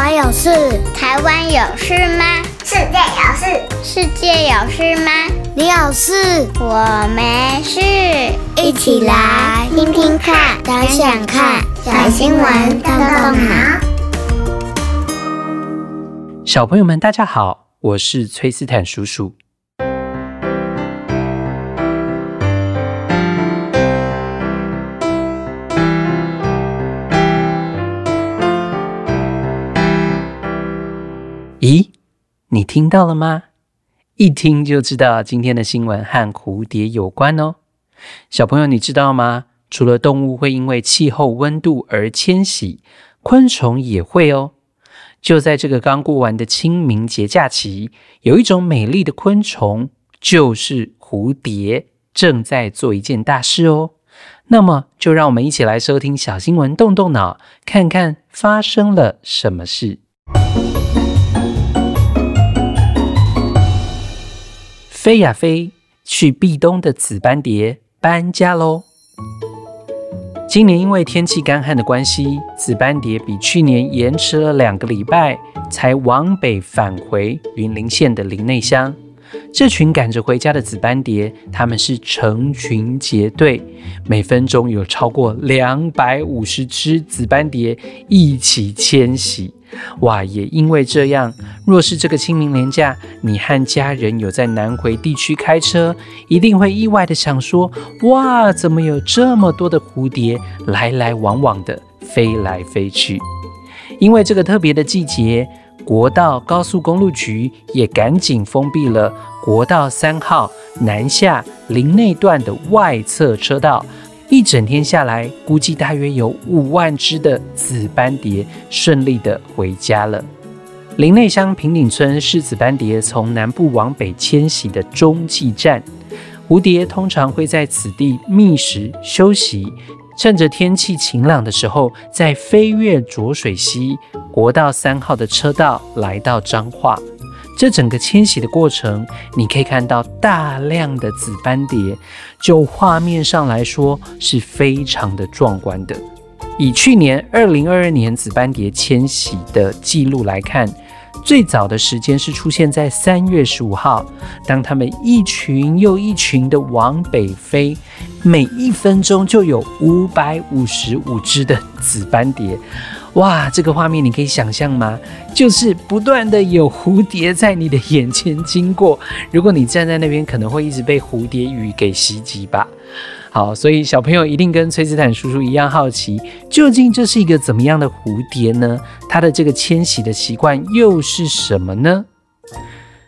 我有事，台灣有事嗎？世界有事，世界有事嗎？你有事，我沒事。一起來聽聽看，想想看，看，看，小新聞動動腦。小朋友們，大家好，我是崔斯坦叔叔。你聽到了嗎？一聽就知道今天的新聞和蝴蝶有關哦。小朋友，你知道嗎？除了動物會因為氣候溫度而遷徙，昆蟲也會哦。就在這個剛過完的清明節假期，有一種美麗的昆蟲，就是蝴蝶，正在做一件大事哦。那麼，就讓我們一起來收聽小新聞，動動腦，看看發生了什麼事。飛呀飛，去避冬的紫斑蝶搬家嘍！今年因為天氣乾旱的關係，紫斑蝶比去年延遲了兩個禮拜才往北返回雲林縣的林內鄉。這群趕着回家的紫斑蝶，他們是成群結隊，每分鐘有超過兩百五十只紫斑蝶一起遷徙。哇，也因為這樣，若是這個清明連假，你和家人有在南迴地區開車，一定會意外地想說，哇，怎麼有這麼多的蝴蝶來來往往地飛來飛去？因為這個特別的季節，國道高速公路局也趕緊封閉了國道三號南下林內段的外側車道。一整天下來，估計大約有五萬隻的紫斑蝶順利地回家了。林內鄉平頂村是紫斑蝶從南部往北遷徙的中繼站，蝴蝶通常會在此地覓食、休息。趁着天氣晴朗的時候，再飛越濁水溪國道三號的車道，來到彰化。這整個遷徙的過程，你可以看到大量的紫斑蝶，就畫面上來說是非常的壯觀的。以去年二零二二年紫斑蝶遷徙的記錄來看，最早的時間是出現在三月十五號，當它們一群又一群的往北飛，每一分鐘就有五百五十五隻的紫斑蝶。哇，這個畫面你可以想象嗎？就是不斷的有蝴蝶在你的眼前經過。如果你站在那邊，可能會一直被蝴蝶雨給襲擊吧。好，所以小朋友一定跟崔斯坦叔叔一樣好奇，究竟這是一個怎麼樣的蝴蝶呢？它的這個遷徙的習慣又是什麼呢？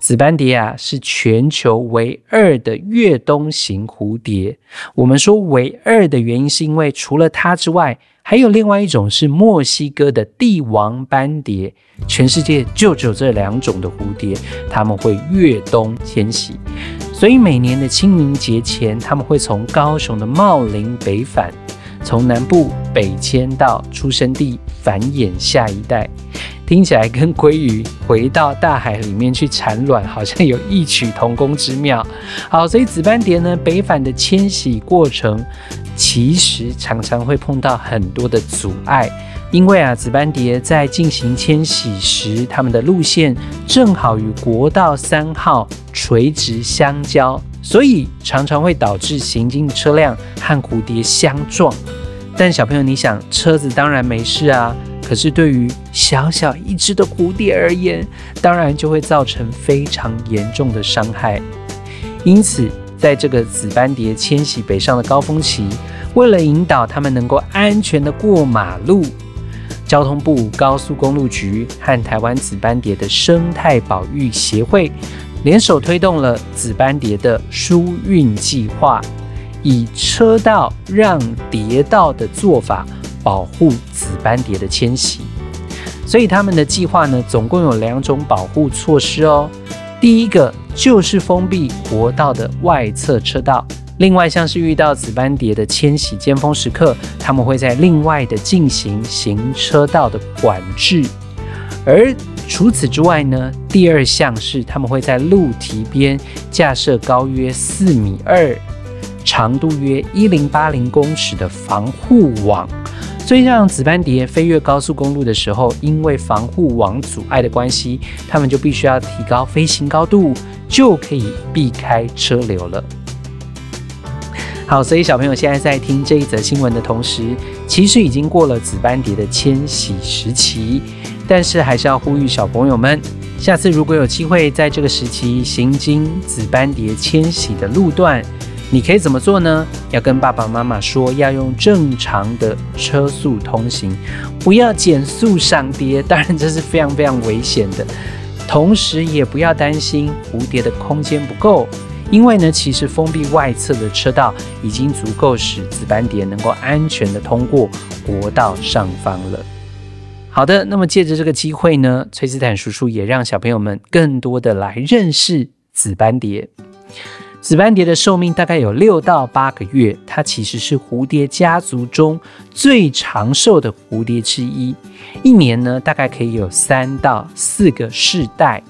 紫斑蝶啊，是全球唯二的越冬型蝴蝶。我們說唯二的原因，是因為除了它之外。還有另外一種是墨西哥的帝王斑蝶，全世界就只有這兩種的蝴蝶，它們會越冬遷徙，所以每年的清明節前，它們會從高雄的茂林北返，從南部北遷到出生地繁衍下一代。聽起來跟鮭魚回到大海裡面去產卵好像有異曲同工之妙。好，所以紫斑蝶呢，北返的遷徙過程，其實常常會碰到很多的阻礙，因為啊，紫斑蝶在進行遷徙時，它們的路線正好與國道三號垂直相交，所以常常會導致行經的車輛和蝴蝶相撞。但小朋友，你想，車子當然沒事啊。可是對於小小一隻的蝴蝶而言，當然就會造成非常嚴重的傷害。因此，在這個紫斑蝶遷徙北上的高峰期，為了引導它們能夠安全的過馬路，交通部高速公路局和台灣紫斑蝶的生態保育協會聯手推動了紫斑蝶的疏運計劃，以車道讓蝶道的做法，保護紫斑蝶的遷徙，所以他們的計劃呢，總共有兩種保護措施哦。第一個就是封閉國道的外側車道，另外像是遇到紫斑蝶的遷徙尖峰時刻，他們會在另外的進行行車道的管制。而除此之外呢，第二項是他們會在路堤邊架設高約四米二、長度約一零八零公尺的防護網。所以，讓紫斑蝶飛越高速公路的時候，因為防護網阻礙的關係，它們就必須要提高飛行高度，就可以避開車流了。好，所以小朋友現在在聽這一則新聞的同時，其實已經過了紫斑蝶的遷徙時期，但是還是要呼籲小朋友們，下次如果有機會在這個時期行經紫斑蝶遷徙的路段。你可以怎麼做呢？要跟爸爸媽媽說，要用正常的車速通行，不要減速上蝶。當然，這是非常非常危險的。同時，也不要擔心蝴蝶的空間不夠，因為呢，其實封閉外側的車道已經足夠使紫斑蝶能夠安全的通過國道上方了。好的，那麼借着這個機會呢，崔斯坦叔叔也讓小朋友們更多的來認識紫斑蝶。紫斑蝶的壽命大概有六到八個月，它其實是蝴蝶家族中最長壽的蝴蝶之一。一年呢，大概可以有三到四個世代。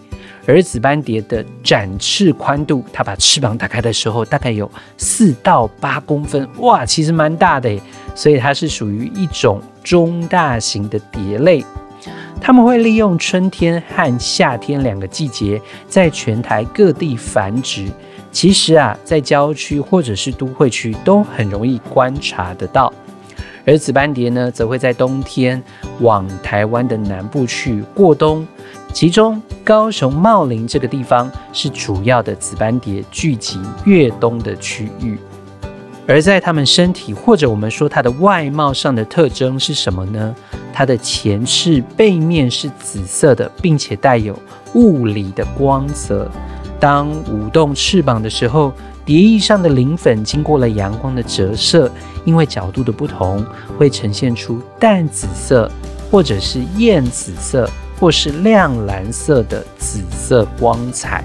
而紫斑蝶的展翅寬度，它把翅膀打開的時候，大概有四到八公分，哇，其實蠻大的誒。所以它是屬於一種中大型的蝶類。它們會利用春天和夏天兩個季節，在全台各地繁殖。其實啊，在郊區或者是都會區都很容易觀察得到，而紫斑蝶呢，則會在冬天往台灣的南部去過冬，其中高雄茂林這個地方是主要的紫斑蝶聚集越冬的區域。而在它們身體或者我們說它的外貌上的特徵是什麼呢？它的前翅背面是紫色的，並且帶有物理的光澤。當舞動翅膀的時候，蝶翼上的鱗粉經過了陽光的折射，因為角度的不同，會呈現出淡紫色，或者是艷紫色，或是亮藍色的紫色光彩。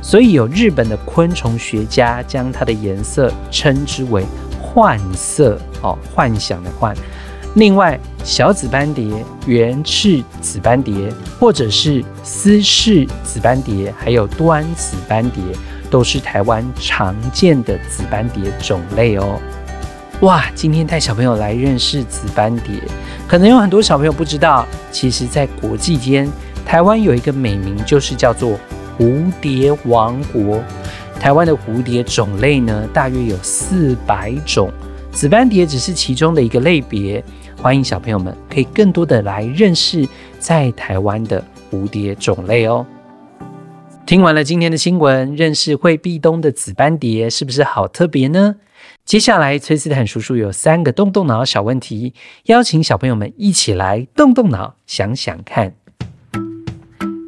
所以有日本的昆蟲學家將它的顏色稱之為幻色哦，幻想的幻。另外，小紫斑蝶、圓翅紫斑蝶，或者是斯氏紫斑蝶，還有端紫斑蝶，都是台灣常見的紫斑蝶種類哦。哇，今天帶小朋友來認識紫斑蝶，可能有很多小朋友不知道，其實在國際間，台灣有一個美名，就是叫做蝴蝶王國。台灣的蝴蝶種類呢，大約有四百種。紫斑蝶只是其中的一個類別，歡迎小朋友們可以更多的來認識在台灣的蝴蝶種類哦。聽完了今天的新聞，認識會避冬的紫斑蝶是不是好特別呢？接下來，崔斯坦叔叔有三個動動腦小問題，邀請小朋友們一起來動動腦想想看。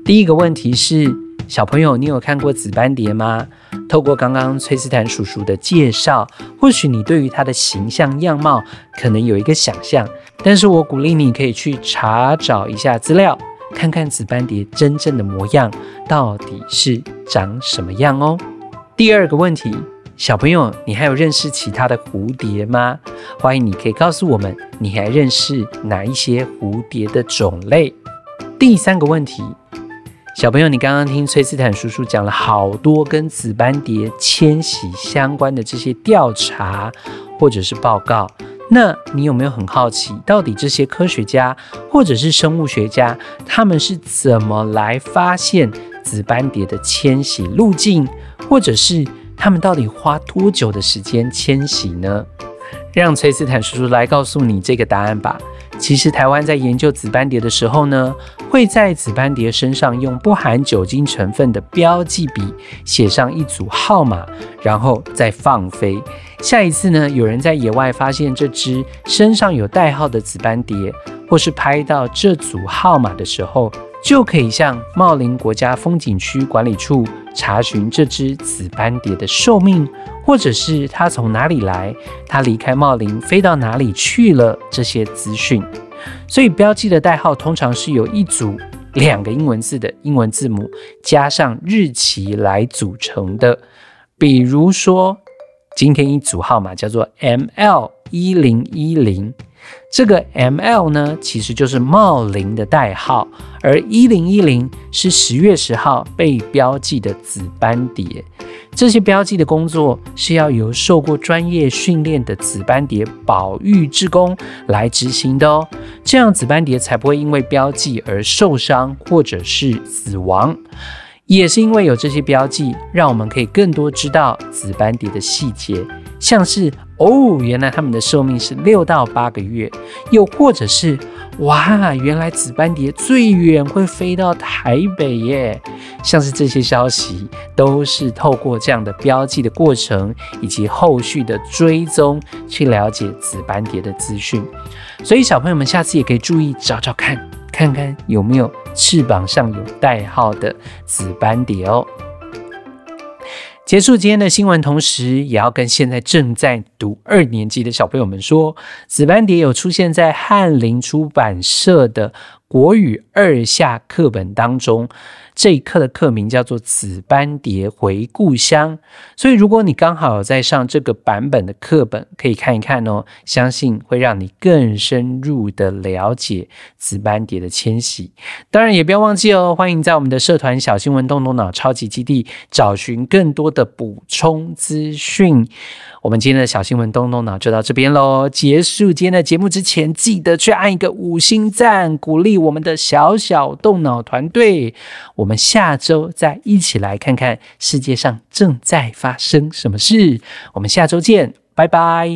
第一個問題是。小朋友，你有看過紫斑蝶嗎？透過剛剛崔斯坦叔叔的介紹，或許你對於它的形象樣貌可能有一個想象，但是我鼓勵你可以去查找一下資料，看看紫斑蝶真正的模樣到底是長什麼樣哦。第二個問題，小朋友，你還有認識其他的蝴蝶嗎？歡迎你可以告訴我們，你還認識哪一些蝴蝶的種類。第三個問題，小朋友，你剛剛聽崔斯坦叔叔講了好多跟紫斑蝶遷徙相關的這些調查或者是報告，那你有沒有很好奇，到底這些科學家或者是生物學家，他們是怎麼來發現紫斑蝶的遷徙路徑，或者是他們到底花多久的時間遷徙呢？讓崔斯坦叔叔來告訴你這個答案吧。其實，台灣在研究紫斑蝶的時候呢，會在紫斑蝶身上用不含酒精成分的標記筆寫上一組號碼，然後再放飛。下一次呢，有人在野外發現這隻身上有代號的紫斑蝶，或是拍到這組號碼的時候，就可以向茂林國家風景區管理處查詢這隻紫斑蝶的壽命。或者是它從哪裡來，它離開茂林飛到哪裡去了？這些資訊，所以標記的代號通常是由一組兩個英文字的英文字母加上日期來組成的。比如說，今天一組號碼叫做 ML 一零一零，這個 ML 呢其實就是茂林的代號，而一零一零是十月十號被標記的紫斑蝶。這些標記的工作是要由受過專業訓練的紫斑蝶保育志工來執行的哦，這樣紫斑蝶才不會因為標記而受傷或者是死亡。也是因為有這些標記，讓我們可以更多知道紫斑蝶的細節，像是哦，原來它們的壽命是六到八個月，又或者是。哇，原來紫斑蝶最遠會飛到台北耶。像是這些消息，都是透過這樣的標記的過程，以及後續的追蹤，去了解紫斑蝶的資訊。所以小朋友們下次也可以注意找找看，看看有沒有翅膀上有代號的紫斑蝶哦。結束今天的新聞，同時也要跟現在正在讀二年級的小朋友們說，紫斑蝶有出現在翰林出版社的國語二下課本當中。這一課的課名叫做《紫斑蝶回故鄉》，所以如果你剛好在上這個版本的課本，可以看一看哦，相信會讓你更深入的了解紫斑蝶的遷徙。當然，也不要忘記哦，歡迎在我們的社團小新聞動動腦超級基地找尋更多的補充資訊。我們今天的小新聞動動腦就到這邊嘍，結束今天的節目之前，記得去按一個五星讚，鼓勵我們的小小動腦團隊。我們下周再一起來看看世界上正在發生什麼事。我們下周見，拜拜。